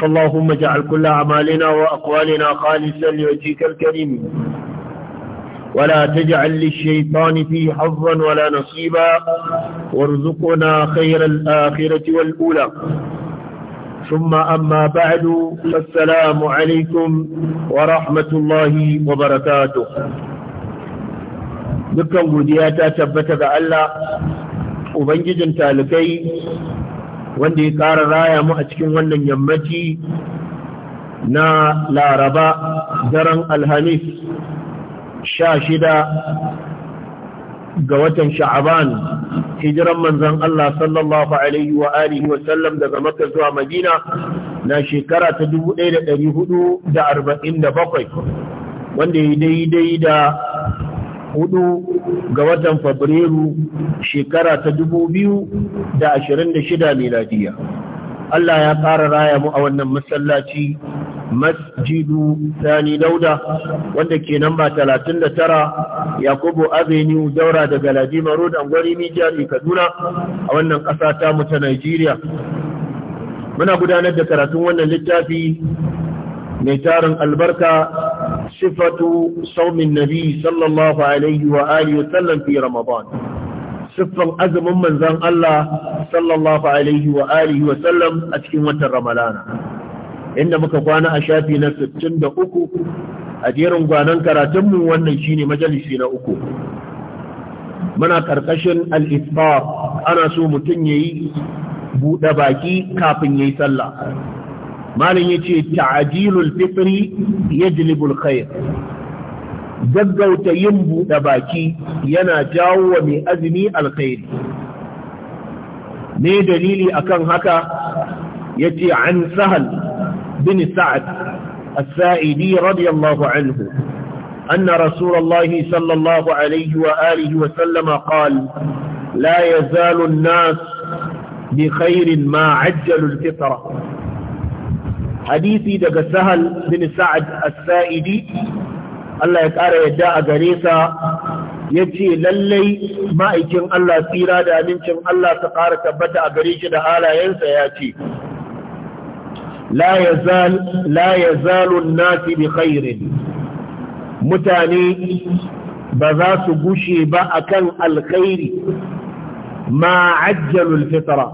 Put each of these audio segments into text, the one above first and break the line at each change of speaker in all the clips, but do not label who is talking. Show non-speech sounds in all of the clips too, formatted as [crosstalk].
فاللهم اجعل كل أعمالنا وأقوالنا خالصا لوجهك الكريم ولا تجعل للشيطان فيه حظا ولا نصيبا وارزقنا خير الآخرة والأولى ثم أما بعد فالسلام عليكم ورحمة الله وبركاته بكم وديات ta ألا وبنجد تالكي wanda ya ƙara raya mu a cikin wannan yammaci na laraba daren alhamis sha shida ga watan sha'aban hijiran manzan Allah sallallahu alaihi wa alihi wa sallam daga maka zuwa madina na shekara ta 1447 wanda ya daidai da hudu ga watan Fabrairu shekara ta dubu biyu da ashirin da shida miladiya. Allah ya ƙara raya mu a wannan masallaci masjidu sani dauda wanda ke namba talatin da tara yakubu avenue daura daga ladima road angwari mijiyar kaduna a wannan ƙasa ta mu ta nigeria muna gudanar da karatun wannan littafi mai tarin albarka sifatu saumin nabi sallallahu alaihi wa alihi wa sallam fi ramadan siffan azumin manzon Allah sallallahu alaihi wa alihi wa sallam a cikin watan ramadana inda muka kwana a shafi na 63 a jerin gwanon karatunmu wannan shine majalisi na uku muna karkashin al ana so mutum yayi buɗe baki kafin yayi sallah malin ya ce ta'ajilul fitri yajlibul khair gaggauta yin buɗe baki yana jawo wa mai azumi alkhairi ne dalili akan haka ya ce an sahal bin sa'ad السائدي رضي الله عنه أن رسول الله صلى الله عليه وآله وسلم قال لا يزال الناس بخير ما عجلوا الفطرة hadisi daga sahal bin sa'ad as-sa'idi Allah ya ƙara yadda a gare sa ya ce lallai ma'aikin Allah tsira da amincin Allah ta ƙara tabbata a gare shi da halayensa ya ce la ya zalun nasi bi khairin mutane ba za su gushe ba akan alkhairi ma ajjalul fitra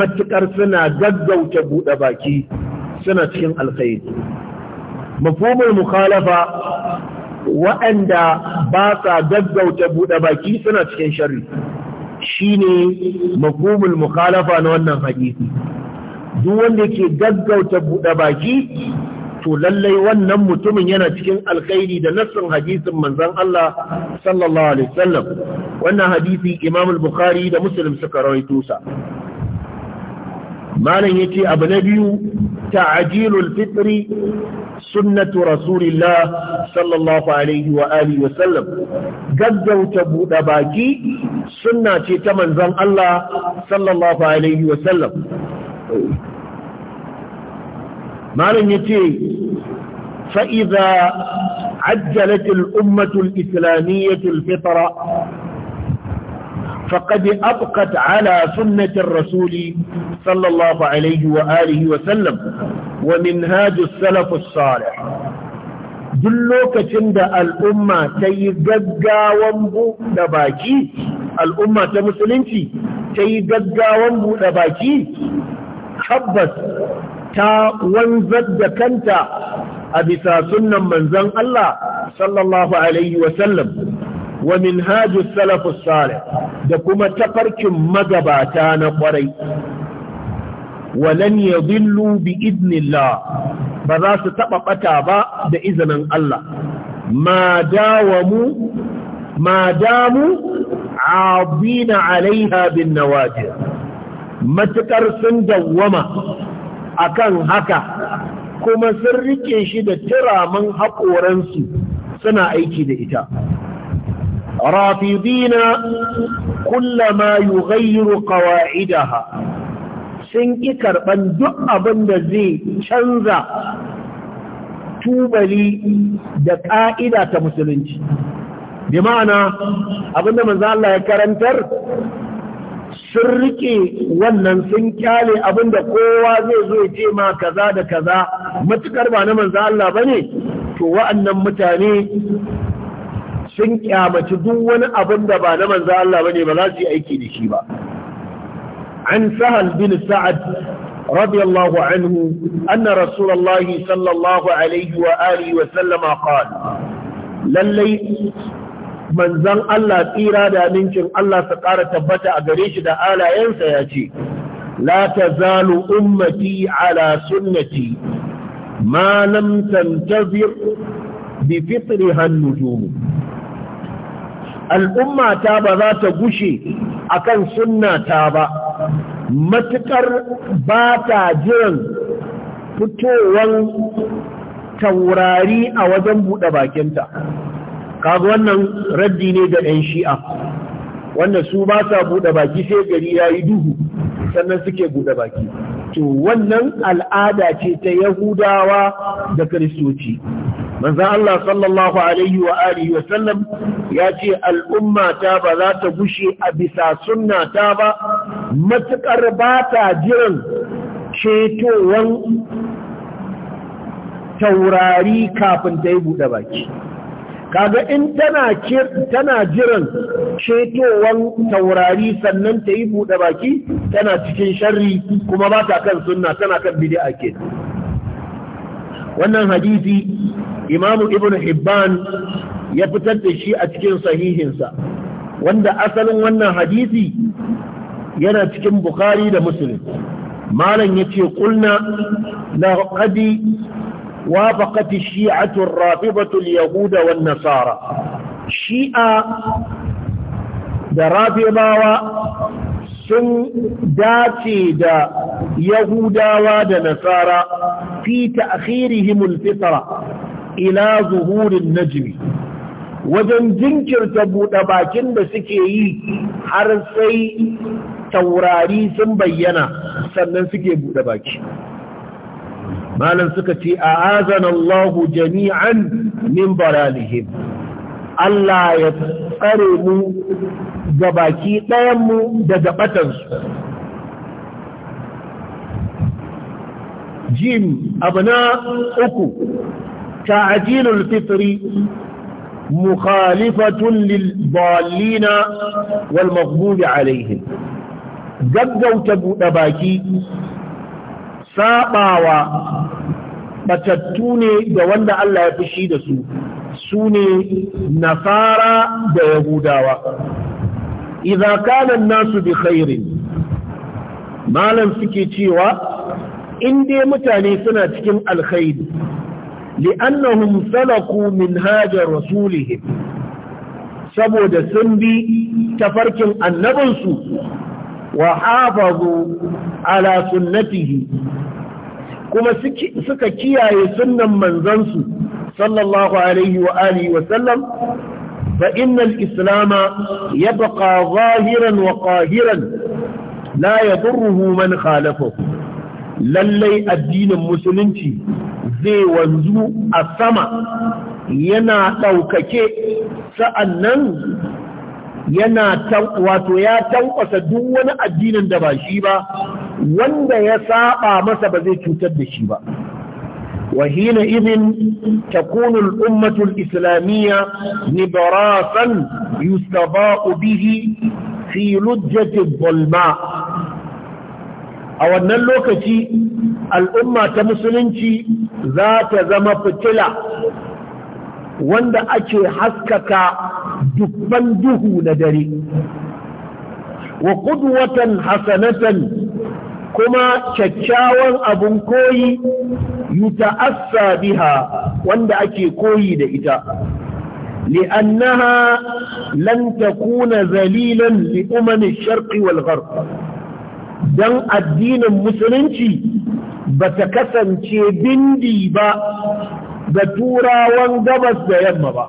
matukar suna gaggauta buɗe baki suna cikin alkhairi mafhumul mukhalafa waɗanda ba sa gaggauta buɗe baki suna cikin sharri shine mafhumul mukhalafa na wannan hadisi duk wanda ke gaggauta buɗe baki to lallai wannan mutumin yana cikin alkhairi da nassin hadisin manzon Allah sallallahu alaihi wasallam wannan hadisi Imamul bukhari da Muslim suka rawaito sa malam yace abu na biyu ta'jilul fitri sunnatu rasulillah sallallahu alaihi wa alihi wa sallam gaggauta buɗe baki sunna ce ta manzon Allah sallallahu alaihi wa sallam malam yace fa idza عجلت الأمة الإسلامية الفطرة فقد أبقت على سنة الرسول صلى الله عليه وآله وسلم ومنهاج السلف الصالح duk lokacin da al'umma ta yi gaggawan buɗe baki al'umma ta musulunci ta yi gaggawan buɗe baki tabbas ta wanzar da kanta a bisa sunnan manzon Allah sallallahu alaihi wa minhajus salafu, salih da kuma tafarkin magabata na kwarai walan yadillu bi idnillah ba za su taba bata ba da izinin Allah ma dawamu ma damu abina alaiha bin nawajir matukar sun dawwama akan haka kuma sun rike shi da tiraman haƙoransu suna aiki da ita rafidina kullama yughayyiru kawa'idaha sun ƙi karɓar duk abin da zai canza tubali da ƙa'ida ta musulunci bi ma'ana abinda manzo Allah ya karantar sun rike wannan sun kyale abinda kowa zai zo ya ce ma kaza da kaza matukar ba na manzo Allah bane to wa'annan mutane sun kyamaci duk wani abin da ba na manzo Allah ne, ba za su yi aiki da shi ba an sahal bin sa'ad radiyallahu anhu anna rasulullahi sallallahu alaihi wa alihi wa sallama qala lallai manzon Allah tsira da amincin Allah su ƙara tabbata a gare shi da alayensa ya ce la tazalu ummati ala sunnati ma lam tantazir bi fitriha hannu domin. al'ummata ba za ta gushe akan sunnata ba matukar ba ta jiran fitowan taurari a wajen buɗe bakinta kaga wannan raddi ne ga 'yan shi'a wanda su ba sa buɗe baki sai gari ya yi duhu sannan suke buɗe baki to wannan al'ada ce ta yahudawa da kiristoci manzan Allah sallallahu alaihi wa alihi wa sallam ya ce al'umma ta ba za ta gushe a bisa sunna ta ba matuƙar ba ta jiran cetowan taurari kafin ta yi buɗe baki kaga in tana tana jiran cetowan taurari sannan ta yi buɗe baki tana cikin sharri kuma ba ta kan sunna tana kan bid'a kenan wannan hadisi imamu ibn hibban ya fitar da shi a cikin sahihinsa wanda asalin wannan hadisi yana cikin bukhari da muslim malam ya ce ƙulna na haɗi wafakati shi'atun rafibatul yahuda wa nasara shi'a da rafibawa sun dace da yahudawa da nasara في تأخيرهم Ila إلى ظهور النجم wajen jinkirta buɗe bakin da suke yi har sai taurari sun bayyana sannan suke buɗe baki malam suka ce a azanallahu jami'an min Allah ya tsare mu ga baki ɗayanmu daga ɓatansu jim abu na uku تعجيل الفطر مخالفة للضالين والمغضوب عليهم gaggau Gaggauta buɗe baki saɓawa batattu ne da wanda Allah ya fushi da su sune ne nasara da yahudawa idza kana nasu bi khairin malam suke cewa in dai mutane suna cikin alkhairi li'annahum salaku min hajar rasulihim saboda sun bi tafarkin annabinsu wa hafazu ala sunnatihi kuma suka kiyaye sunnan manzansu sallallahu alaihi wa alihi wa sallam fa innal islama yabqa zahiran wa qahiran la yadurruhu man khalafahu lallai addinin musulunci zai wanzu a sama yana ɗaukake sa'annan yana wato ya tankwasa duk wani addinin da ba shi ba wanda ya saba masa ba zai cutar da shi ba وحين إذن تكون الأمة الإسلامية نبراسا يستضاء به في لجة الظلماء a wannan lokaci al'umma ta musulunci za ta zama fitila wanda ake haskaka dubban duhu na dare wa ƙudwatan hasanatan kuma kyakkyawan abun koyi yuta'assa biha wanda ake koyi da ita li'annaha lan takuna zalilan liumani umami sharqi wal gharb don addinin musulunci ba ta kasance bindi ba ga turawan gabas da yamma ba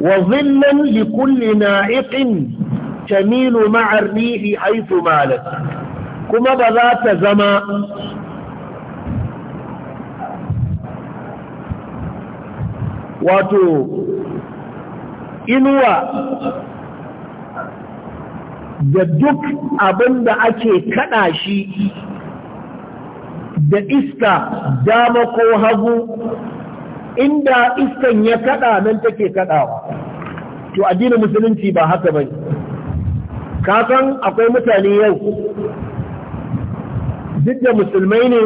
wa zillan li kulli na'iqin tamilu ma'a rihi haythu malat kuma ba za ta zama wato inuwa da duk abin da ake kaɗa shi da iska dama ko hagu inda iskan ya kaɗa nan take kaɗawa, to addinin musulunci ba haka bai kasan akwai mutane yau duk da musulmai ne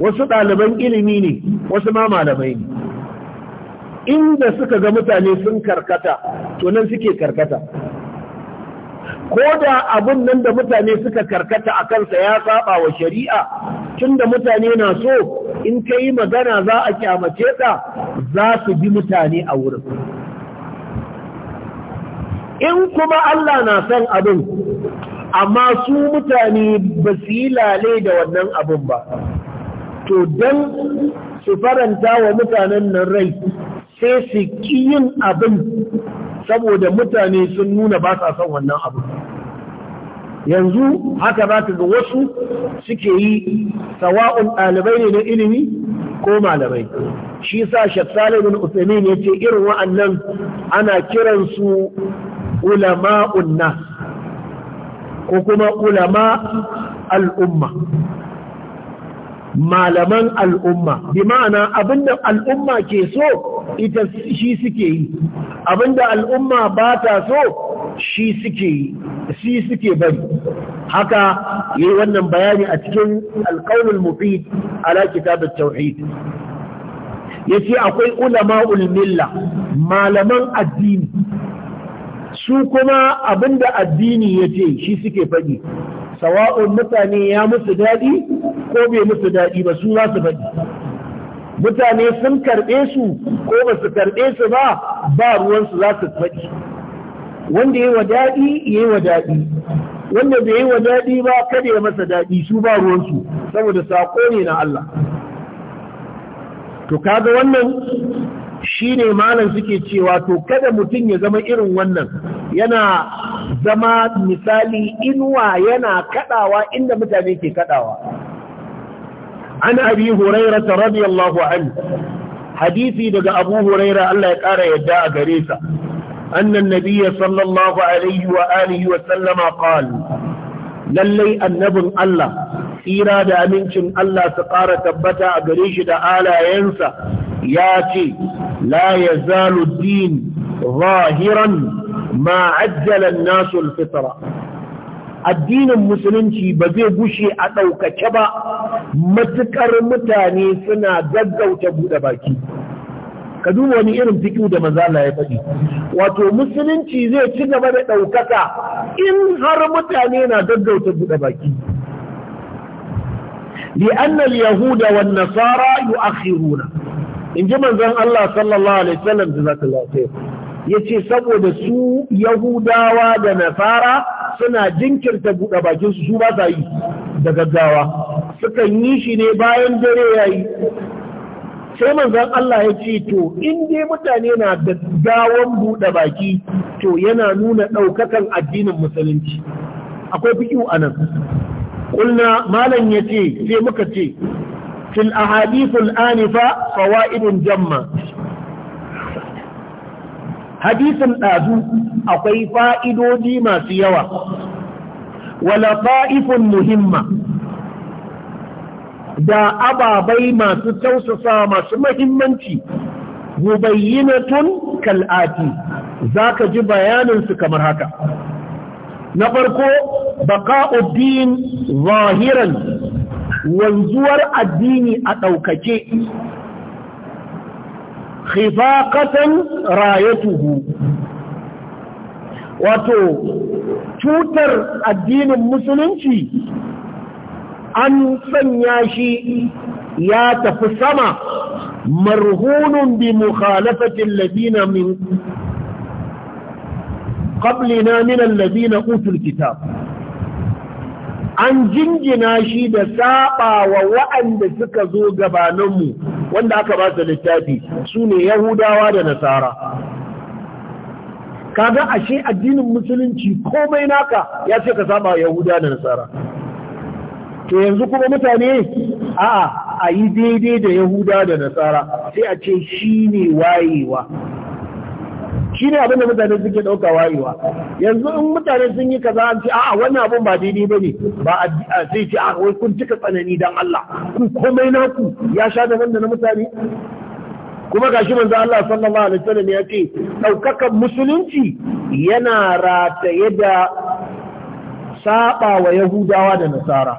wasu ɗaliban ilimi ne wasu ma malamai ne inda suka ga mutane sun karkata to nan suke karkata ko da abun nan da mutane suka karkata a kansa ya saba wa shari'a tunda mutane na so in ka yi magana za a kyamace ka za su bi mutane a wurin in kuma Allah na son abin amma su mutane ba su yi lale da wannan abin ba to don su faranta wa mutanen nan rai sai su ƙi yin abin saboda mutane sun nuna ba sa son wannan abu yanzu haka za ga wasu suke yi sawa'un ɗalibai ne na ilimi ko malamai shi sa shaksale bin usaimin ya ce irin wa'annan ana kiransu ulama'un nas ko kuma ulama al'umma malaman al'umma bi ma'ana abinda al'umma ke so ita shi suke yi abinda al'umma ba ta so shi suke yi shi suke bari haka yi wannan bayani a cikin alqaulul mufid ala da at-tauhid yace akwai ulama'ul milla malaman addini su kuma abinda addini yace shi suke faɗi sawa'un mutane ya musu daɗi ko bai musu daɗi ba su za su faɗi mutane sun karɓe su ko ba su karɓe su ba ba ruwansu za su faɗi wanda ya yi wa daɗi ya yi wa daɗi wanda bai yi wa daɗi ba kada ya masa daɗi su ba ruwansu saboda saƙo ne na Allah to kaga wannan shine malam suke cewa to kada mutum ya zama irin wannan yana zama misali inuwa yana kadawa inda mutane ke kadawa an abi huraira radiyallahu anhu hadisi daga abu huraira Allah ya kara yadda a gare sa annan nabiyya sallallahu alaihi wa alihi wa sallama qala lallai annabin Allah tsira da amincin Allah su ƙara tabbata a gare shi da alayensa ya ce لا يزال الدين ظاهرا ما عجل الناس الفطرة الدين المسلم شي بزي بوشي أتو كتبا متكر متاني سنا جدو تبود باكي كدوم واني إرم تكيو دا مزالا يفجي واتو مسلم شي زي تنا بدا أتو كتا إن هر متانينا جدو تبود باكي لأن اليهود والنصارى يؤخرونه in ji manzon Allah sallallahu alaihi wasallam jazakallahu Ya yace saboda su yahudawa da nasara suna jinkirta buɗe bakin su su ba sa yi da gaggawa sukan yi shi ne bayan dare yayi sai manzon Allah ya ce to in dai mutane na da gaggawan buɗe baki to yana nuna ɗaukakan addinin musulunci akwai fiƙi a nan ƙulna malam ya ce sai muka ce في الأحاديث الآنفة فوائد جمة حديث الآذو أقوي فائدو ديما سيوا ولطائف مهمة دا أبا بيما تتوسسا ما سمهمنتي mubayyinatun kal'ati zaka ji bayanin su kamar haka na farko baqa'uddin zahiran wanzuwar addini a ɗaukake khifaqatan rayatuhu wato cutar addinin musulunci an sanya shi ya tafi sama marhunun bi mukhalafatin ladina min qablina min alladina utul kitab an jingina shi da saba wa wa'anda suka zo gabaninmu wanda aka ba su littafi su ne yahudawa da nasara kaga ashe addinin musulunci komai naka ya ce ka saba wa yahuda da nasara to yanzu kuma mutane a'a a yi daidai da yahuda da nasara sai a ce shi ne wayewa shi ne abinda mutane suke ɗauka wayewa yanzu in mutane sun yi kaza an ce a'a wannan abin ba daidai ba ne ba a sai ce a wai kun cika tsanani dan Allah ku komai naku ya sha da na mutane kuma gashi manzo Allah sallallahu alaihi wasallam ya ce ɗaukakan musulunci yana rataye da saba wa Yahudawa da Nasara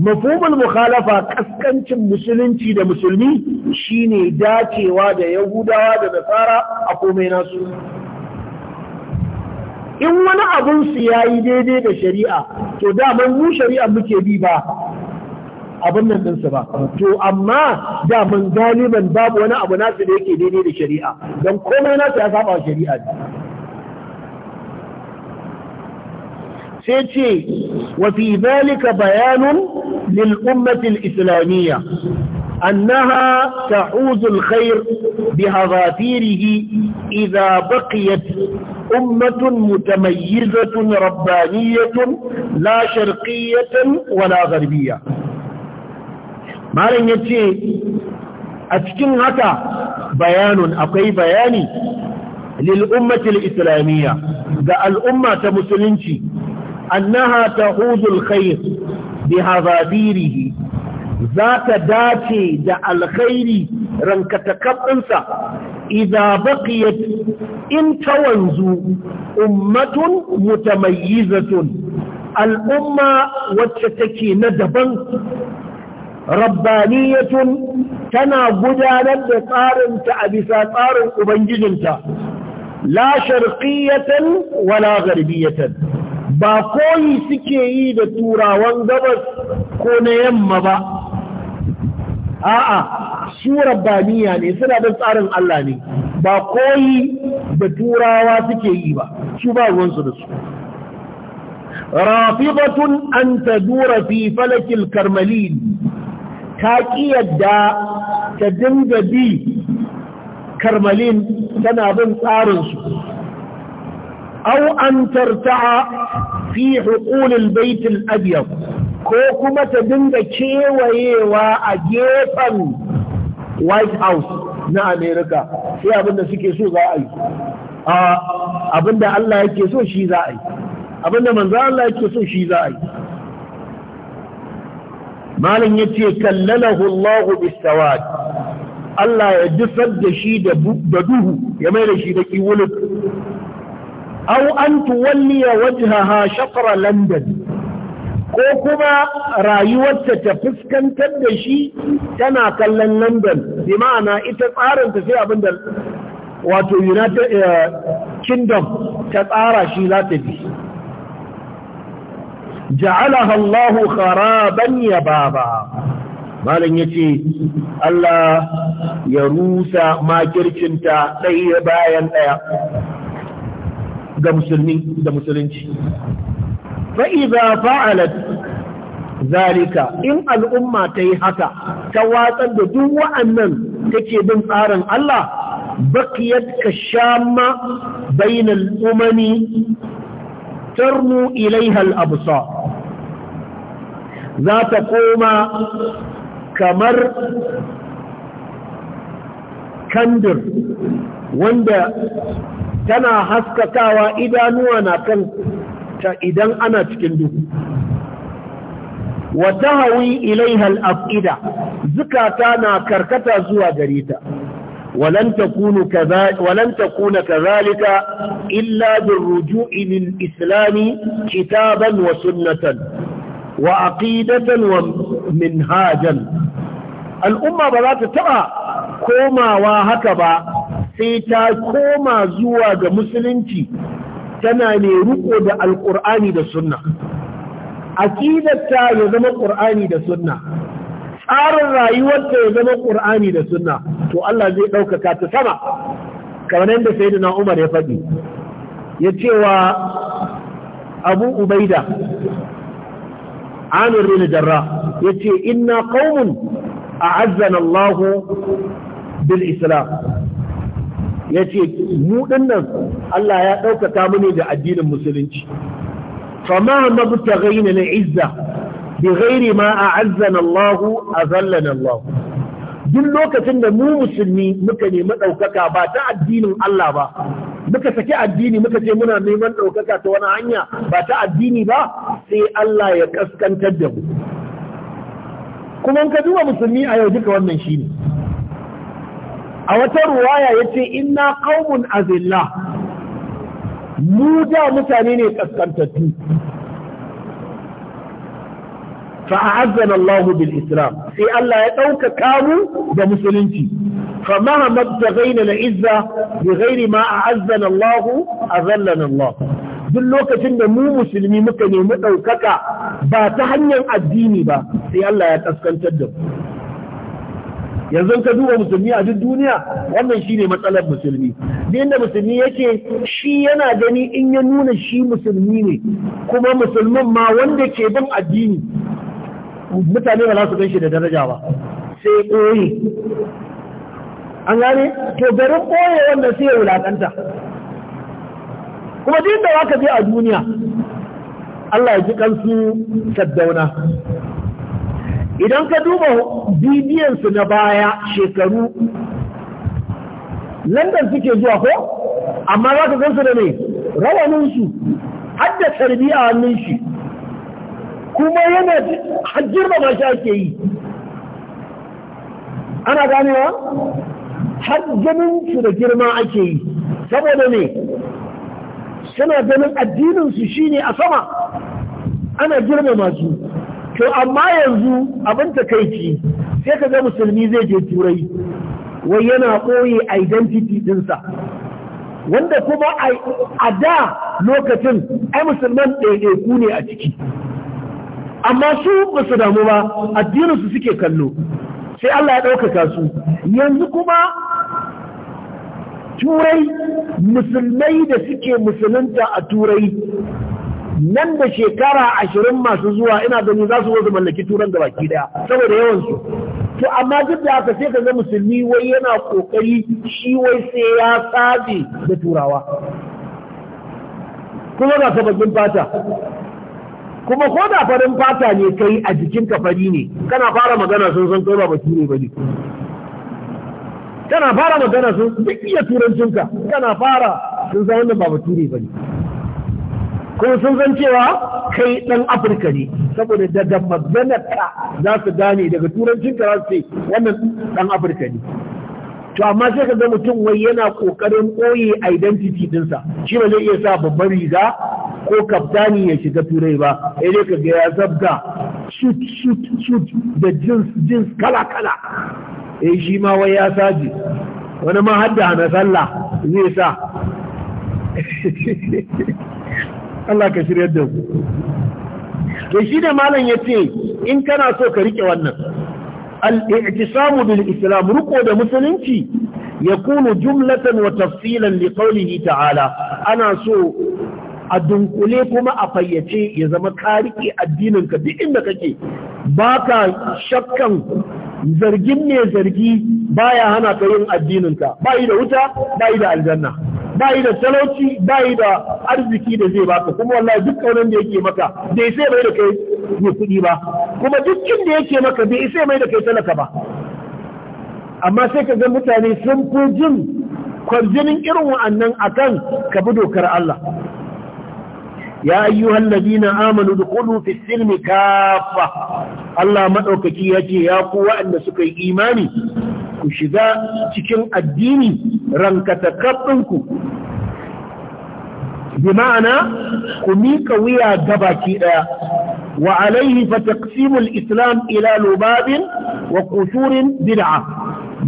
mafhumul mukhalafa kaskancin musulunci da musulmi shine dacewa da yahudawa da nasara a komai nasu in wani abun su yayi daidai da shari'a to daman mu shari'a muke bi ba abin nan ɗinsu ba to amma daman galiban babu wani abu nasu da yake daidai da shari'a don komai nasu ya saba wa shari'a سيتي وفي ذلك بيان للأمة الإسلامية أنها تعوز الخير بهذافيره إذا بقيت أمة متميزة ربانية لا شرقية ولا غربية لن يتي أتكن هكا بيان أقي بياني للأمة الإسلامية ذا الأمة مسلنتي annaha tahudul khair bi hazabirihi za ta dace da alkhairi rankatakaɓinsa idan baƙiyat in ta wanzu ummatun mutamayyizatun al'umma wacce take na daban rabbaniyatun tana gudanar da tsarinta a bisa tsarin ubangijinta la sharqiyatan wala garbiyatan ba koyi suke yi da turawan gabas ko na yamma ba a'a su rabbaniya ne suna da tsarin Allah ne ba koyi da turawa suke yi ba su ba ruwansu da su rafibatun an tadura fi falakil karmalin ta ƙi yadda ta dinga bi karmalin tana bin tsarinsu au an tarta'a fi hukulil baitul abyad ko kuma ta dinga kewayewa a gefen white house na Amerika, sai abinda suke so za a yi abinda allah yake so shi za a yi abinda manzo allah yake so shi za a yi malin yace kallalahu allah bisawad allah ya dufar da shi da duhu ya mai da shi da kiwuluk au an tuwalliya wajhaha shaqra london ko kuma rayuwarta ta fuskantar da shi tana kallon london bi ma'ana ita tsarin ta abin da wato united kingdom ta tsara shi za ta bi ja'alaha Allah kharaban baba. malam yace Allah ya rusa makircinta ɗaya bayan ɗaya ga musulmi da musulunci fa'iza fa'alat zalika in al'umma ta yi haka ta watsar da duk wa'annan take bin tsarin Allah bakiyar ka shama bainal umani tarnu ilaihal abusa za ta koma kamar kandir wanda tana haskakawa idanuwa na kan ta idan ana cikin duhu Wata hawi ilaiha al-afida zukata na karkata zuwa gareta, ta walan takunu kadhalika walan takuna kadhalika illa birruju'i kitaban wa sunnatan wa aqidatan wa minhajan Al'umma ba za ta taba komawa haka ba sai ta koma zuwa ga musulunci tana ne riko da alƙur'ani da sunna aqidarta ya zama ƙur'ani da sunna tsarin rayuwarta ya zama ƙur'ani da sunna to Allah zai ɗaukaka ta sama kamar yadda sayyidina Umar ya faɗi ya cewa Abu Ubaida Amir bin Jarrah yace inna qaumun a'azzana Allah bil Islam ya ce mu dinnan Allah ya ɗaukaka mu ne da addinin musulunci fama raina na izza bi gairi ma a'azzana a azallana Allah duk lokacin da mu musulmi muka nemi ɗaukaka ba ta addinin Allah ba muka saki addini muka ce muna neman ɗaukaka ta wani hanya ba ta addini ba sai Allah ya kaskantar da mu kuma ka duba musulmi a yau duka wannan shine a wata ruwa ya ce ina ƙaunin azillah mu da mutane ne ƙasƙantattu fa’azan Allah bil islam sai Allah ya ɗauka kamu da musulunci famaha mabdagaina na izza bi ghairi ma a azzanallahu azallana Allah duk lokacin da mu musulmi muka nemi ɗaukaka ba ta hanyar addini ba sai Allah ya kaskantar da mu yanzu ka duba musulmi a duk duniya wannan shine matsalar musulmi da musulmi yake shi yana gani in ya nuna shi musulmi ne kuma musulmin ma wanda ke bin addini mutane ba za su ganshi da daraja ba sai koyi an gane to garin koye wanda sai ya wulakanta kuma duk da waka je a duniya Allah ya ji kansu saddauna idan ka duba bidiyonsu na baya shekaru london suke zuwa ko amma za ka gansu da ne rawaninsu hadda tarbi a hannun shi kuma yana hajjirma ba shi ake yi ana ganewa hajjaminsu da girma ake yi saboda ne suna ganin addininsu shine a sama ana girma masu to amma yanzu abin takaici sai ka ga musulmi zai je turai wai yana ɓoye identity dinsa wanda kuma a da lokacin ai musulman ɗaiɗaiku ne a ciki amma su ba su damu ba addinin su suke kallo sai Allah ya ɗaukaka su yanzu kuma turai musulmai da suke musulunta a turai nan da shekara ashirin masu zuwa ina gani za su wasu mallaki turan gabaki daya saboda yawansu to amma duk da haka sai ka ga musulmi wai yana kokari shi wai sai ya sabe da turawa kuma ga sabbin fata kuma ko da farin fata ne kai a jikin fari ne kana fara magana sun san kai ba ne bane kana fara magana sun duk iya turancinka kana fara sun san wannan ba ne bane ko sun san cewa kai ɗan afirka ne saboda daga ka za su gane daga ka za su wannan ɗan afirka ne to amma sai ka ga mutum wai yana kokarin koye identity dinsa shi ba zai iya sa babban riga ko kaftani ya shiga turai ba sai dai ka ga ya zabga shoot shoot shoot da jeans jeans kala kala eh shi ma wai ya saji wani ma hadda na sallah zai sa [laughs] Allah ka shiryar da su to shi da malam ya ce in kana so ka rike wannan al bil islam ruko da musulunci ya kunu jumlatan wa tafsilan li qawlihi ta'ala ana so a dunkule kuma a fayyace ya zama ka addininka addinin duk inda kake baka shakkan zargin ne zargi baya hana ka yin addininka yi da wuta yi da aljanna bayi da talauci bayi da arziki da zai baka kuma wallahi duk kaunan da yake maka bai sai mai da kai ne kuɗi ba kuma duk kin da yake maka bai sai mai da kai talaka ba amma sai ka ga mutane sun fi jin kwarjinin irin wa'annan akan ka bi dokar Allah ya ayyuhan ladina amanu dukulu fi silmi kafa Allah madaukaki yace ya ku wa'anda suka yi imani ku shiga cikin addini ku. bi ma'ana ku miƙa wuya ke ɗaya wa alaihi fa taqsimul islam ila lubabin wa kusurin bid'a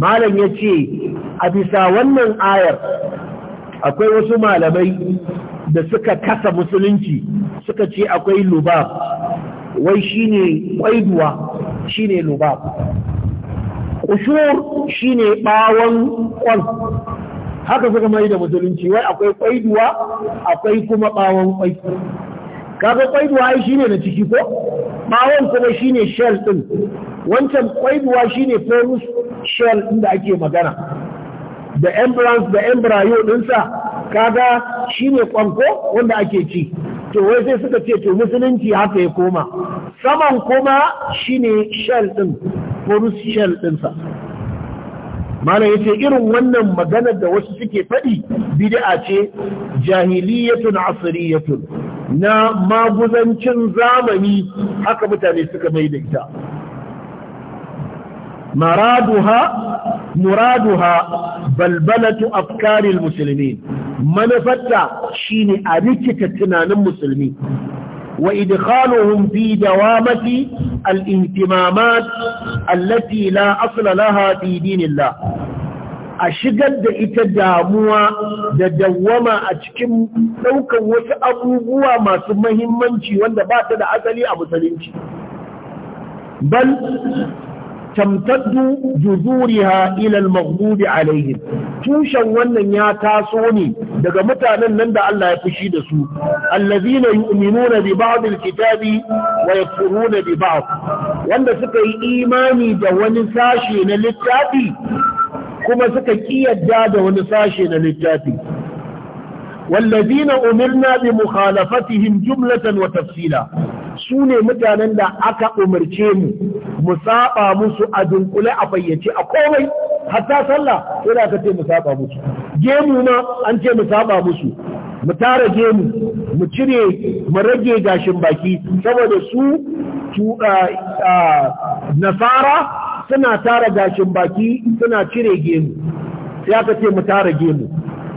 malam yace a bisa wannan ayar akwai wasu malamai da suka kasa musulunci suka ce akwai lubab wai shine kwaiduwa shine lubab ushur ne ɓawon ƙwan. haka suka mai da musulunci wai akwai ƙwaiduwa, akwai kuma ɓawon kwai kaga ƙwaiduwa ai ne na ciki ko ɓawon kuma ne shell ɗin, wancan ƙwaiduwa shi ne porous shell ɗin da ake magana da embryo da embryo ɗinsa kaga shi ne ƙwanko wanda ake ci to wai sai suka ce to musulunci haka ya koma saman kuma ne shell ɗin. porous ɗinsa malam yace irin wannan maganar da wasu suke faɗi bid'a ce jahiliyatun asriyatun na maguzancin zamani haka mutane suka mai da ita maraduha muraduha balbalatu afkaril musulmi manufarta shine a rikita tunanin musulmi وإدخالهم في دوامة الانتمامات التي لا أصل لها في دين a shigar da ita damuwa da dawwama a cikin ɗaukar wasu abubuwa masu mahimmanci wanda ba ta da asali a musulunci. Bal tamtaddu juzuriha ila al tushen wannan ya taso ne daga mutanen nan da Allah ya fushi da su allazina yu'minuna bi ba'd al-kitabi wa yakfuruna bi ba'd wanda suka yi imani da wani sashe na littafi kuma suka kiyarda da wani sashe na littafi والذين أمرنا بمخالفتهم جملة وتفصيلا su ne mutanen da aka umarce mu mu saba musu a dunkule a fayyace a komai hatta sallah sai da aka ce mu saba musu gemu ma an ce mu saba musu mu tara gemu mu cire mu rage gashin baki saboda su nasara suna tara gashin baki suna cire gemu sai aka ce mu tara gemu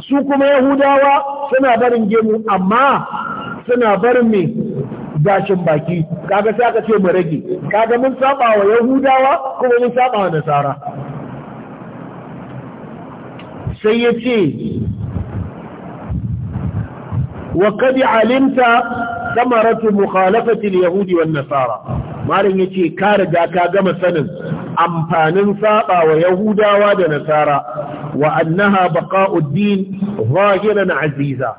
su kuma yahudawa suna barin gemu amma suna barin me gashin baki kaga sai aka ce mu rage kaga mun saba wa yahudawa kuma mun saba wa nasara sai ya ce wa kadi alimta samaratu mukhalafati al wan nasara malam yace ka riga ka gama sanin amfanin saba wa yahudawa da nasara wa annaha baqa'ud din zahiran aziza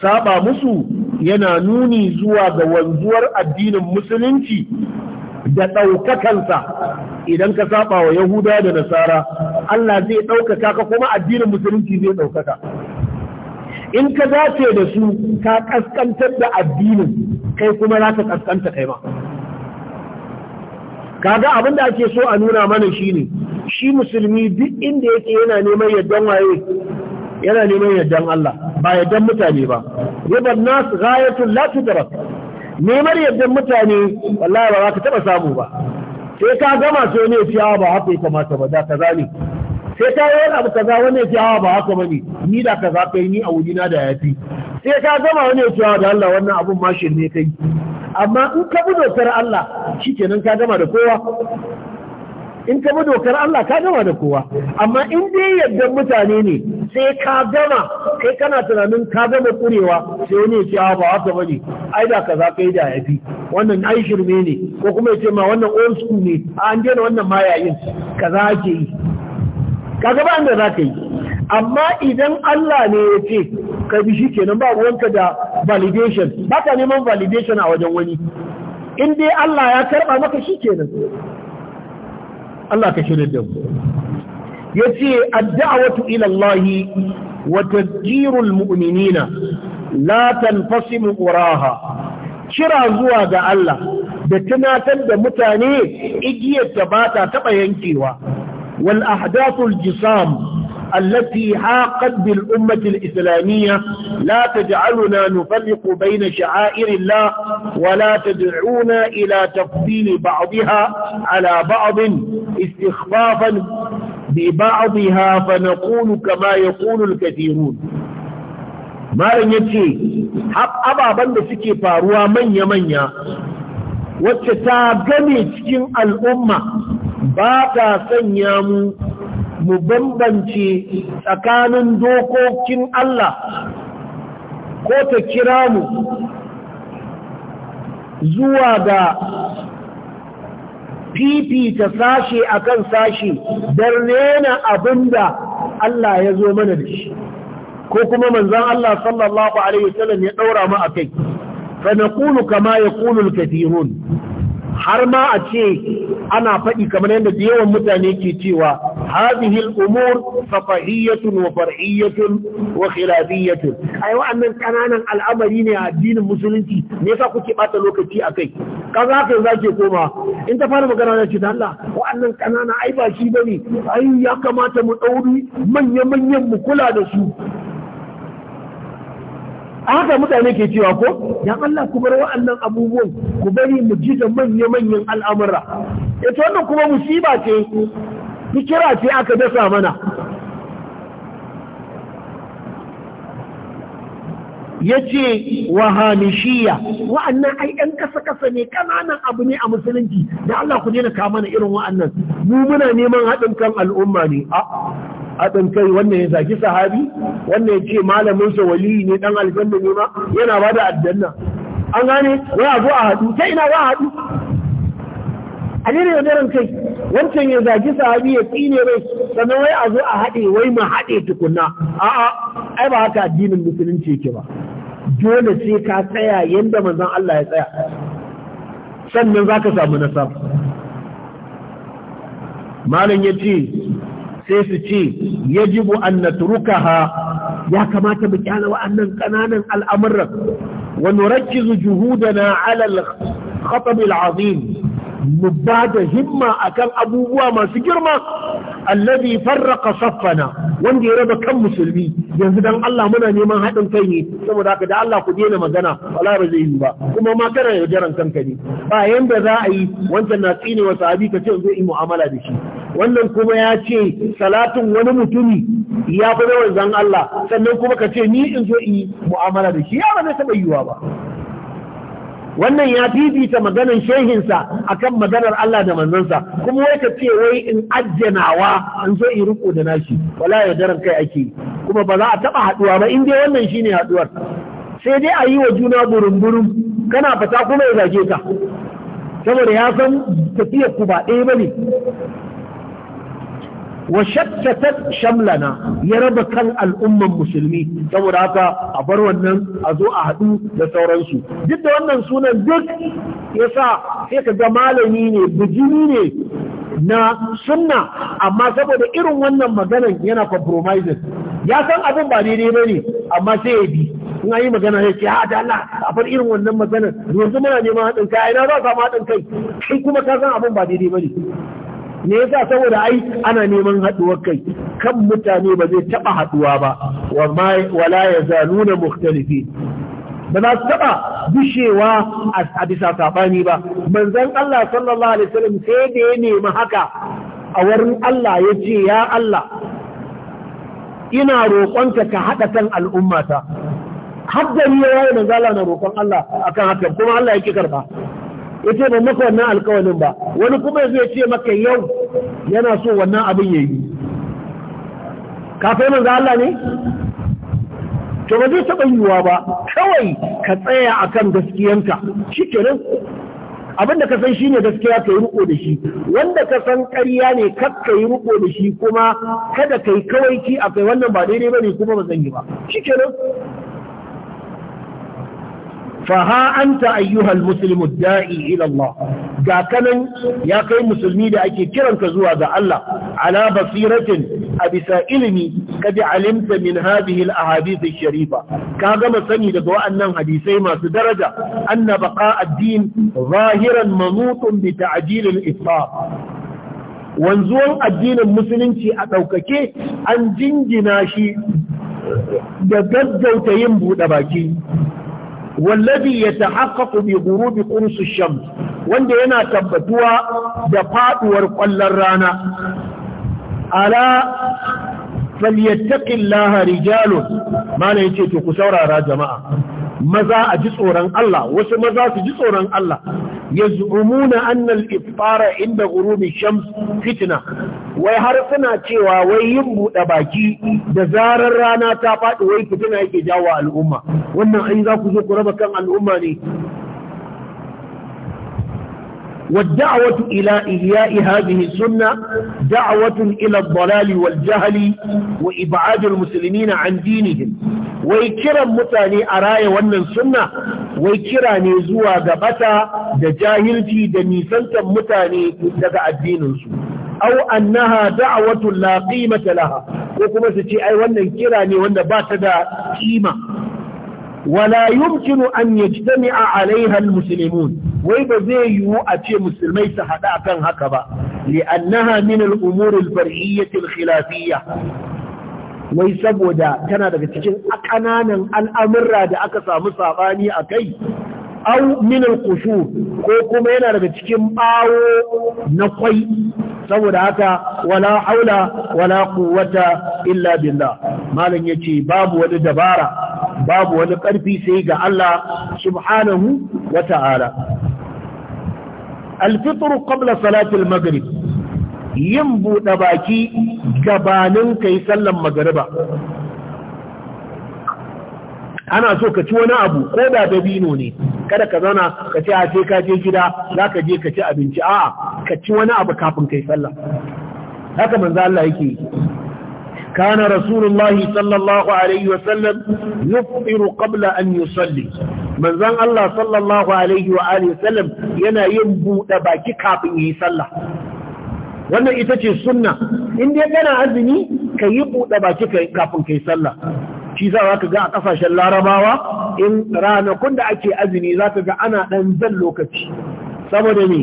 saba musu yana nuni zuwa ga wanzuwar addinin musulunci da ɗaukakansa idan ka saba wa yahuda da nasara Allah zai ɗaukaka ka kuma addinin musulunci zai ɗaukaka in ka dace da su ka ƙasƙantar da addinin kai kuma za ka ƙasƙanta kai ma kaga abin da ake so a nuna mana shine shi musulmi duk inda yake yana neman yaddan waye yana neman yardan Allah ba yardan mutane ba ribar nas ghayatul la tudra neman yardan mutane wallahi ba za ka taba samu ba sai ka gama so ne fi a ba haka ya kamata ba da kaza ne sai ka yi abu kaza wani ya ci ba haka bane ni da kaza kai ni a wurina da yafi sai ka gama wani ya ci da Allah wannan abun mashin ne kai amma in ka bi dokar Allah shikenan ka gama da kowa in ka bi dokar Allah ka gama da kowa amma in dai yadda mutane ne sai ka gama kai kana tunanin ka gama kurewa sai wani ya ce a ah, ba haka bane ai da kaza kai da yafi wannan ai shirme ne ko kuma ya ce ma wannan old school ne an daina wannan ma yayin kaza ake yi kaga ba inda za ka yi amma idan Allah ne ya ce ka bi shi kenan ba ruwanka da validation ba ka neman validation a wajen wani in dai Allah ya karɓa maka shi kenan Allah ka shirin da mu yace ad-da'watu ila wa tadjiru muminina la tanfasimu uraha kira zuwa ga Allah da tunatar da mutane igiyar ta ba ta taɓa yankewa wal ahdathul jisam التي حاقت بالأمة الإسلامية لا تجعلنا نفرق بين شعائر الله ولا تدعونا إلى تفصيل بعضها على بعض استخفافا ببعضها فنقول كما يقول الكثيرون malam ya ce ababen da suke faruwa manya-manya wacce ta game cikin al'umma ba ta sanya mu mu bambance tsakanin dokokin Allah ko ta kira mu zuwa ga fifita sashe akan sashe don rena abinda Allah ya zo mana da shi ko kuma manzan Allah sallallahu Alaihi wasallam ya ɗaura mu a kai fa na kunu kama ya kunu kafirun har ma a ce ana faɗi kamar yadda da yawan mutane ke cewa هذه الأمور فقهية وفرعية وخلافية أيوة أن كانان الأمرين الدين المسلمين نيسا كنت بات لوكتي أكي كذا كذا يقوم انت فارم كانانا جدا الله وأن كانانا عيبا شيبني أي يا كما تمتعوني من يمن يمكلا نسو aka mutane ke cewa ko ya Allah ku bar wa'annan abubuwan ku bari mu ji da manya-manyan al'amura ita wannan kuma musiba ce fikira ce aka dasa mana ya ce wa hamishiya wa'annan ai yan ƙasa kasa-kasa ne ƙananan abu ne a musulunci da Allah ku daina kama na irin wa'annan mu muna neman haɗin kan al'umma ne a haɗin kai wannan ya zaki sahabi wannan ya ce malamin sa wali ne ɗan aljanna ne ma yana ba da aljanna an gane wa a zo a haɗu ta ina wa a haɗu a ne da yaudaran kai wancan ya zagi sahabi ya tsine mai sannan wai a zo a haɗe wai ma haɗe tukunna a'a ai ba haka addinin musulunci yake ba dole sai ka tsaya yanda manzon Allah ya tsaya sannan za ka samu nasara malam ya ce sai su ce yajibu an natrukaha ya kamata mu kyala wa'annan kananan al'amuran wa nurakkizu juhudana ala al-khatab al-azim mu ba da himma akan abubuwa masu girma allazi farraka saffana wanda ya raba kan musulmi yanzu dan Allah muna neman haɗin kai ne saboda haka da Allah ku daina magana wala ba zai yi ba kuma ma kana yaudaran kanka ne ba yanda za a yi wancan na tsine wa sahabi ka ce zo yi mu'amala da shi wannan kuma ya ce salatin wani mutumi ya fi zan Allah sannan kuma ka ce ni in zo yi mu'amala da shi ya ba zai taɓa yiwa ba wannan ya bibita maganar shehinsa akan maganar Allah da manzansa kuma wai ka ce wai in ajjanawa an so in riko da nashi wala ya daren kai ake kuma ba za a taba haduwa ba in dai wannan shine haduwar sai dai a yi wa juna burum-burum kana fata kuma ya zage ka saboda ya san tafiyar ku ba ɗaya bane wa shattatat shamlana ya raba kan al'umman musulmi saboda haka a bar wannan a zo a haɗu da sauransu duk da wannan sunan duk yasa sai ka ga malami ne bijimi ne na sunna amma saboda irin wannan maganan yana compromising ya san abin ba daidai ba ne amma sai ya bi in an yi magana ya ce ha da Allah a far irin wannan maganar yanzu muna neman haɗin kai ina za a samu haɗin kai kai kuma ka san abin ba daidai ba ne me yasa saboda ai ana neman haɗuwar kai kan mutane ba zai taɓa haɗuwa ba wala ya nuna mukhtalifi ba za su taɓa gushewa a bisa saɓani ba manzon Allah sallallahu alaihi wasallam sai da ya nemi haka a wurin Allah ya ce ya Allah ina roƙonka ka haɗa kan al'ummata har da ni yayi na roƙon Allah akan haka kuma Allah yake karba ya ce ban maka wannan alkawalin ba wani kuma ya ce maka yau yana so wannan abin ya yi kafin manzo Allah ne to ba zai taɓa yiwuwa ba kawai ka tsaya akan gaskiyanka shi kenan abin da ka san ne gaskiya ka yi riko da shi wanda ka san ƙarya ne kar ka yi riko da shi kuma kada ka yi kawai ki a kai wannan ba daidai ba ne kuma ba zan yi ba shikenan fa ha anta ayyuhal muslimu da'i ila Allah ga kanan ya kai musulmi da ake kiranka zuwa ga Allah ala basiratin a bisa ilimi kadi alimta min hadhihi a ahadith sharifa ka gama sani daga wa'annan hadisai masu daraja anna baqa ad-din zahiran manutun bi ta'jil al wanzuwan addinin musulunci a ɗaukake an jingina shi da gaggauta yin buɗe baki wallazi yatahaqqaqu bi ghurubi qurs ash-shams wanda yana tabbatuwa da faɗuwar ƙwallon rana ala falyattaqillaha rijalun mala yace to ku saurara jama'a maza a ji tsoron Allah wasu maza su ji tsoron Allah yaz'umuna anna al-iftara inda ghurubi shams fitna wai har suna cewa wai yin buɗe baki da zarar rana ta faɗi wai fitina yake jawo al'umma wannan ai za ku zo ku raba kan al'umma ne والدعوة إلى إحياء هذه السنة دعوة إلى الضلال والجهل وإبعاد المسلمين عن دينهم ويكرا متاني أرايا وأن السنة ويكرا نزوى غبتا دجاهلتي دنيسنت متاني دقاء الدين أو أنها دعوة لا قيمة لها وكما ستي أي وأن كرا ني وأن باتدا قيمة wala yumkinu an yajtami'a alaiha almuslimun wai ba zai yiwu a ce musulmai su haɗa kan haka ba li'annaha min al-umur al wai saboda tana daga cikin ƙananan al'amurra da aka samu sabani a kai au min al ko kuma yana daga cikin ɓawo na kwai saboda haka wala haula wala quwwata illa billah malam yace babu wani dabara babu wani ƙarfi sai ga Allah subhanahu wa ta'ala alfitru qabla salatul maghrib yin buɗe baki gabanin kai sallan magriba ana so ka ci wani abu ko da dabino ne kada ka zauna ka ce a sai ka je gida za ka je ka ci abinci a'a ka ci wani abu kafin kai sallah haka manzo Allah yake كان رسول الله صلى الله عليه وسلم يفطر قبل أن يصلي من ذن الله صلى الله عليه وآله وسلم ينا ينبو دباكي كابن يصلى wannan ita ce sunna inda yana kana azumi ka yi buɗe baki kafin kai sallah shi za ka ga a ƙasashen larabawa in ranakun da ake azumi za ka ga ana ɗan zan lokaci saboda ne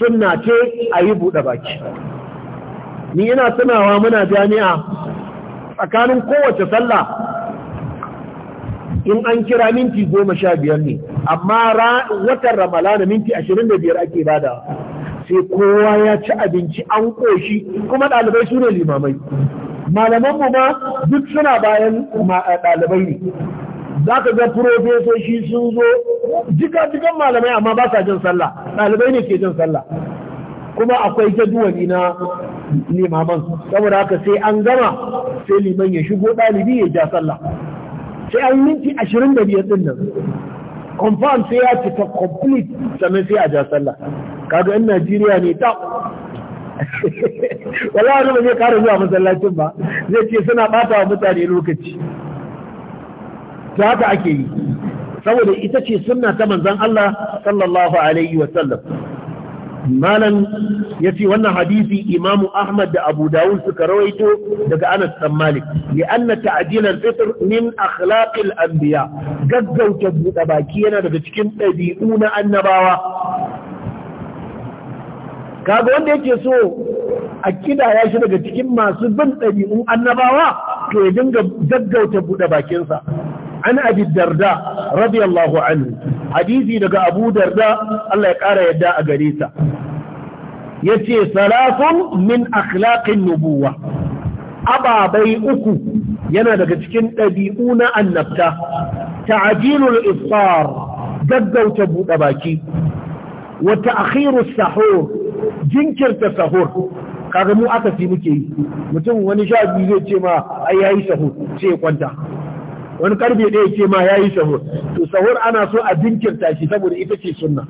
sunna ce a yi buɗe baki ni ina tunawa muna jami'a tsakanin kowace sallah in an kira minti goma sha biyar ne amma watan ramalana minti ashirin da biyar ake bada sai kowa ya ci abinci an koshi kuma ɗalibai su ne limamai malamanmu ma duk suna bayan eh, ɗalibai ne za ka ga furofesoshi sun zo jika-jikan malamai amma ba sa jin sallah ɗalibai ne ke jin sallah kuma akwai jadwali na limaman saboda haka sai an gama sai liman ya shigo ɗalibi ya ja sallah sai an minti ashirin da biyar ɗin nan confirm sai ya cika complete sannan sai a ja sallah kaga in Najeriya ne ta [laughs] wallahi ba zai kara zuwa masallacin ba zai ce suna bata wa mutane lokaci ta haka ake yi saboda ita ce sunna ta manzon Allah sallallahu alaihi wa sallam malam ya ce wannan hadisi imamu ahmad da abu dawud suka rawaito daga anas dan malik li'anna ta'jil al-fitr min anbiya gaggauta buɗe baki yana daga cikin ɗabi'u na annabawa kaga wanda yake so a kidaya shi daga cikin masu bin ɗabi'un annabawa to ya dinga gaggauta buɗe bakinsa an abi darda radiyallahu anhu hadisi daga abu darda Allah ya kara yadda a gare sa yace salafun min akhlaqin nubuwa ababai uku yana daga cikin ɗabi'u na annabta ta'jilul iftar gaggauta buɗe baki wa ta'khirus sahur jinkirta sahur kaga mu aka muke yi mutum wani sha biyu zai ce ma ai yayi sahur sai kwanta wani karfe ɗaya ce ma ya yi sahur to sahur ana so a binkirta shi saboda ita ce sunna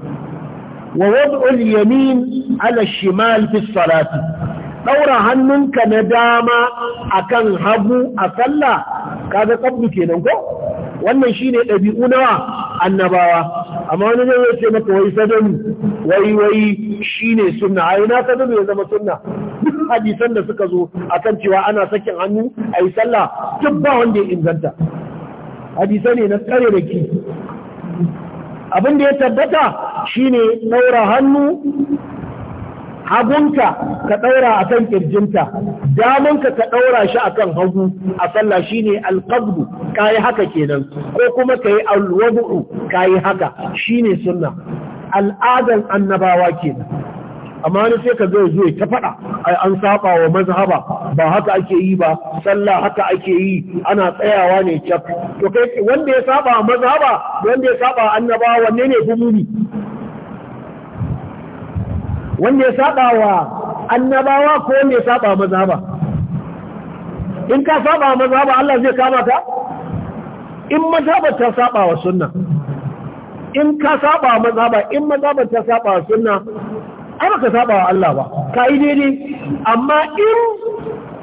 wa wad'ul yamin ala shimal fi salati daura hannunka na dama akan hagu a sallah kaga qabdu kenan ko wannan shine ɗabi'u nawa annabawa amma wani zai ce maka wai sadani wai wai shine sunna ai na sadani ya zama sunna duk hadisan da suka zo akan cewa ana sakin hannu ayi sallah duk ba wanda ya inganta hadisai ne na tsare da abin da ya tabbata shine ɗaura hannu hagunka ka ɗaura a kan ƙirjinta damanka ka ɗaura shi a kan hagu a sallah shi ne alƙabdu ka yi haka kenan ko kuma ka yi alwabu'u ka yi haka shi ne sunna al'adar annabawa kenan amma wani sai ka zai zuwa ta faɗa ai an saba wa mazhaba ba haka ake yi ba sallah haka ake yi ana tsayawa ne cap to kai wanda ya saba mazhaba wanda ya saba annaba wanne ne fi wanda ya saba wa annabawa ko wanda ya saba mazhaba in ka saba mazhaba Allah zai kama ka in mazhaba ta saba wa sunna in ka saba mazhaba in mazhaba ta saba wa sunna Aba ka saba wa Allah ba ka yi daidai amma in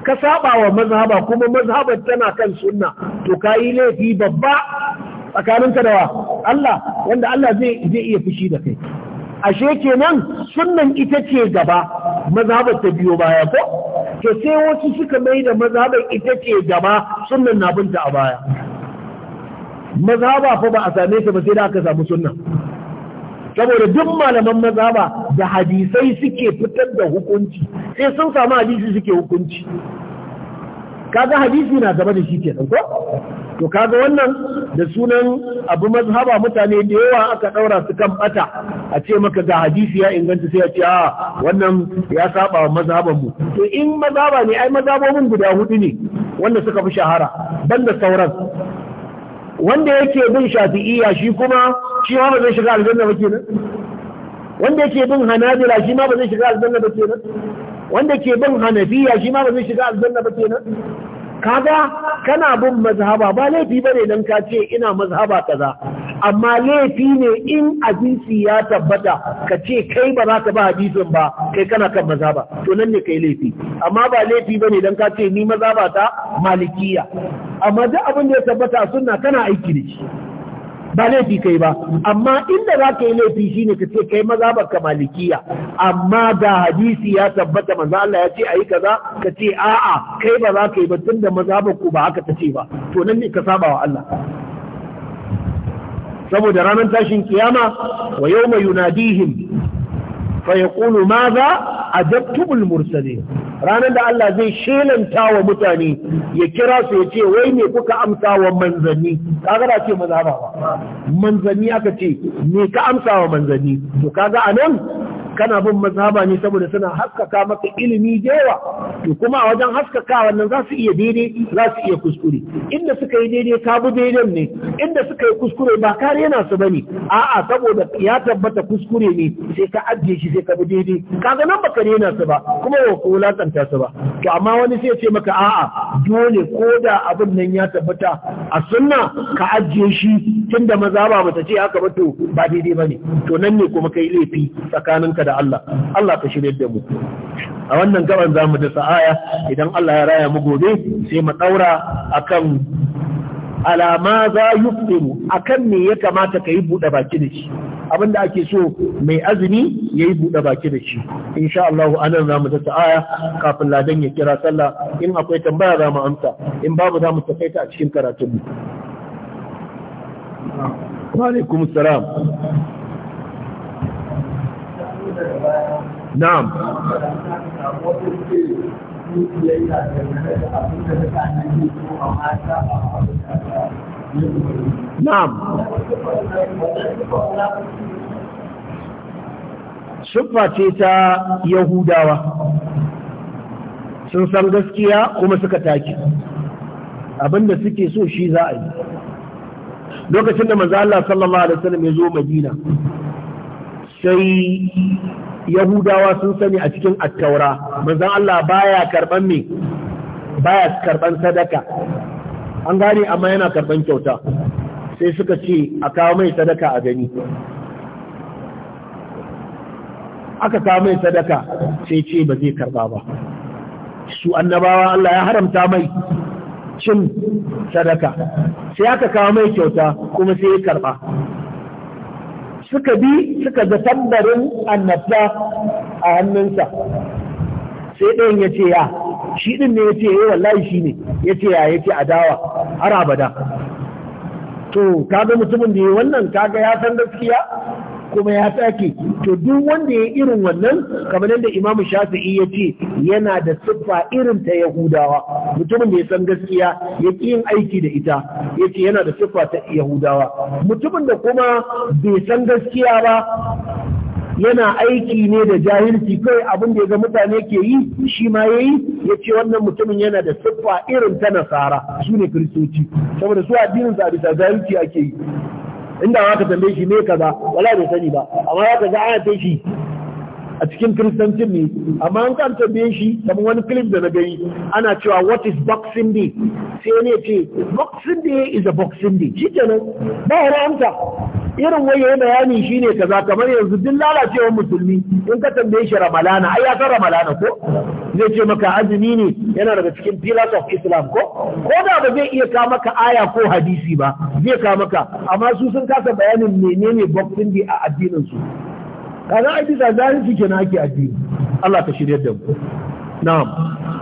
ka saba wa mazhaba kuma mazhabar tana kan sunna to ka yi laifi babba tsakaninka da wa Allah wanda Allah zai zai iya fushi da kai ashe kenan sunnan ita ce gaba mazhabar ta biyo baya ko to sai wasu suka mai da mazhabar ita ce gaba sunnan na binta a baya mazhaba fa ba a same ta ba sai da aka samu sunna saboda duk malaman maza ba, da hadisai suke fitar da hukunci sai sun samu hadisi suke hukunci kaga hadisi na gaba da shi ke ko to kaga wannan da sunan abu mazhaba mutane da yawa aka ɗaura su kan ɓata, a ce maka ga hadisi ya inganta sai a ce a ah, wannan ya saba wa mazhaban mu to in mazhaba ne ai mazhabobin guda hudu ne wanda suka fi shahara banda sauran wanda yake bin shafi'iyya shi kuma shi ma ba zai shiga aljanna ba kenan wanda yake bin hanabila shi ma ba zai shiga aljanna ba kenan wanda ke bin hanafiya shi ma ba zai shiga aljanna ba kenan kaga kana bin mazhaba ba laifi bane dan ka ce ina mazhaba kaza amma laifi ne in hadisi ya tabbata ka ce kai ba za ka ba hadisin ba kai kana kan mazhaba to nan ne kai laifi amma ba laifi bane dan ka ce ni mazhaba ta malikiya amma duk abin da ya tabbata sunna kana aiki da shi ba laifi kai ba amma inda za ka yi laifi shine ka ce kai maza ba ka malikiya amma da hadisi ya tabbata manzo Allah ya ce ayi kaza ka ce a'a kai ba za ka yi ba tunda maza ba ku ba haka ta ce ba to nan ne ka saba wa Allah saboda ranar tashin kiyama wa yawma yunadihim fa maza a ajabtumul mursalin ranar da Allah zai shelanta wa mutane ya kira su ya ce wai ne kuka amsa wa manzanni kaga da ce manzanni aka ce me ka amsa wa manzanni to kaga anan kana bin mazhaba ne saboda suna haskaka maka ilimi jewa to kuma a wajen haskaka wannan za su iya daidai za su iya kuskure inda suka yi daidai ka bi daidan ne inda suka yi kuskure ba kare yana su bane a'a saboda ya tabbata kuskure ne sai ka ajiye shi sai ka bi daidai kaga nan baka rena su ba kuma ba ka wulakanta su ba to amma wani sai ya ce maka a'a dole ko da abin nan ya tabbata a sunna ka ajiye shi tunda mazhaba bata ce haka ba to ba daidai bane to nan ne kuma kai laifi tsakanin ka da Allah Allah ka shirye da mu a wannan gaban za mu dasa aya idan Allah ya raya mu gobe sai mu daura akan alama za yuftiru akan me ya kamata ka yi buɗe baki da shi abinda ake so mai azumi ya yi buɗe baki da shi sha Allah anan za mu dasa aya kafin ladan ya kira sallah in akwai tambaya za mu amsa in babu za mu takaita a cikin karatunmu. Wa alaikum salam.
na'am
na'am siffa ce ta yahudawa sun san gaskiya kuma suka take abinda suke so shi za a yi lokacin da manzo Allah sallallahu alaihi wasallam ya zo Madina sai yahudawa sun sani a cikin attaura manzon Allah baya karban me baya karban sadaka an gane amma yana karban kyauta sai suka ce a kawo mai sadaka a gani aka kawo mai sadaka sai ce ba zai karba ba su annabawa Allah ya haramta mai cin sadaka sai aka kawo mai kyauta kuma sai ya karba suka bi suka ga tambarin annabta a hannunsa sai ɗayan ya ce ya shi ɗin ne ya ce ya eh, wallahi shi ne ya ce ya ya ce adawa har abada to kaga mutumin da ya wannan kaga ya san gaskiya kuma ya sake to duk wanda ya irin wannan kamar yadda Imam Shafi'i ya ce yana da siffa irin ta Yahudawa mutumin da ya san gaskiya ya ki yin aiki da ita ya ce yana da siffa ta Yahudawa mutumin da kuma bai san gaskiya ba yana aiki ne da jahilci kai abin da ya ga mutane ke yi shi ma ya yi ya ce wannan mutumin yana da siffa irin ta nasara su ne kiristoci saboda su addinin sa bisa jahilci ake yi inda za ka tambaye shi me kaza wala bai sani ba amma za ka ga ana ta shi a cikin kiristancin ne amma an kan tambaye shi kamar wani clip da na gani ana cewa what is boxing day sai ne ce boxing day is a boxing day shi kenan ba wani irin wai yayi bayani shine kaza kamar yanzu duk lalacewar musulmi in ka tambaye shi ramalana ai ya san ramalana ko zai ce maka azumi ne yana daga cikin pillars of islam ko ko da ba zai iya ka maka aya ko hadisi ba zai ka maka amma su sun kasa bayanin menene boxing di a addinin su kaza ai bisa zalunci kenan ake addini Allah ta shirye da mu na'am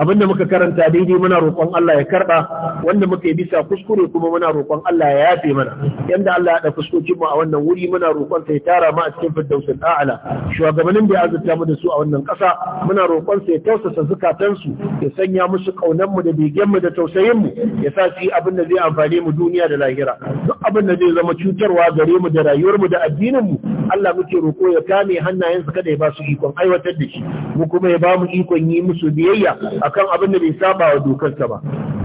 Abin da muka karanta daidai muna roƙon Allah ya karɓa wanda muka yi bisa kuskure kuma muna roƙon Allah ya yafe mana yanda Allah ya da mu a wannan wuri muna roƙon sa ya tara mu a cikin firdausul a'la shugabannin da ya azurta mu da su a wannan ƙasa muna roƙon sa ya tausasa zukatan su ya sanya musu kaunan mu da begen mu da tausayin mu ya sa su abin da zai amfane mu duniya da lahira duk abin da zai zama cutarwa gare mu da rayuwar mu da addinin mu Allah muke roƙo ya kame su kada ya ba su ikon aiwatar da shi mu kuma ya ba mu ikon yi musu biyayya a akan abin da bai saba wa dokarsa ba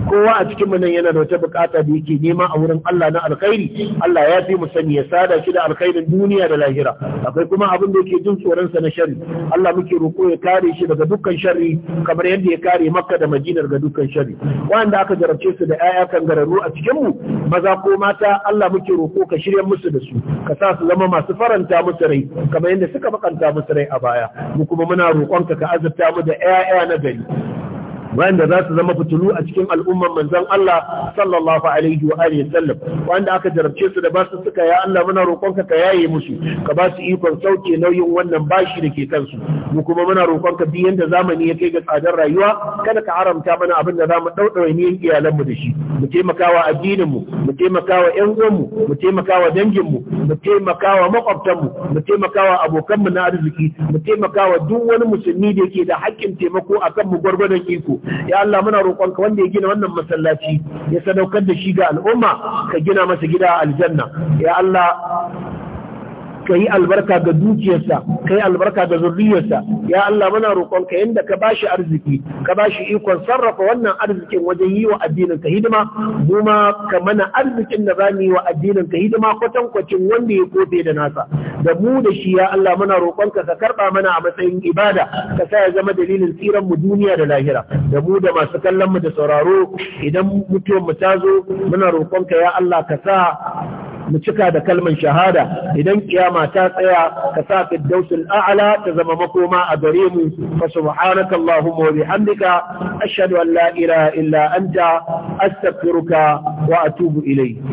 kowa a cikin mu nan yana da wata bukata da yake nema a wurin Allah na alkhairi Allah ya fi mu sani ya sada shi da alkhairin duniya da lahira akwai kuma abin da yake jin tsoron sa na sharri Allah muke roko ya kare shi daga dukkan sharri kamar yadda ya kare Makka da Madina daga dukkan sharri wanda aka jarabce su da kan kangararru a cikin mu maza ko mata Allah muke roko ka shirya musu da su ka sa su zama masu faranta musu rai kamar yadda suka bakanta musu rai a baya mu kuma muna roƙonka ka azurta mu da ƴaƴa na gari wanda za su zama fitilu a cikin al'umman manzon Allah sallallahu alaihi wa alihi sallam wanda aka jarabce su da basu suka ya Allah muna roƙonka ka yaye musu ka ba su ikon sauke nauyin wannan bashi da ke kansu mu kuma muna roƙonka duk yanda zamani ya kai ga tsadar rayuwa kada ka haramta mana abin da zamu daudawa niyan iyalanmu da shi mu taimakawa addinin mu mu taimakawa ƴan uwanmu mu taimakawa dangin mu mu taimakawa makwabtan mu mu taimakawa abokanmu na arziki mu taimakawa duk wani musulmi da yake da haƙƙin taimako akan mu gwargwadon iko ya Allah muna roƙonka wanda ya gina wannan masallaci ya sadaukar da shi ga al'umma ka gina masa gida a aljanna ya Allah ka yi albarka ga dukiyarsa ka yi albarka ga zurriyarsa ya Allah muna roƙonka yanda ka bashi arziki ka bashi ikon sarrafa wannan arzikin wajen yi wa addinin ka hidima kuma ka mana arzikin da za mu yi wa addinin ka hidima kwatankwacin wanda ya kofe da nasa da mu da shi ya Allah muna roƙonka ka karɓa mana a matsayin ibada ka sa ya zama dalilin tsiran mu duniya da lahira da mu da masu kallon mu da sauraro idan mutuwar mu ta zo muna roƙonka ya Allah ka sa mu cika da kalman shahada idan kiyama ta tsaya ka sa firdausul a'ala ta zama makoma a gare mu fa subhanaka allahumma wa bihamdika ashhadu an la ilaha illa anta astaghfiruka wa atubu ilayk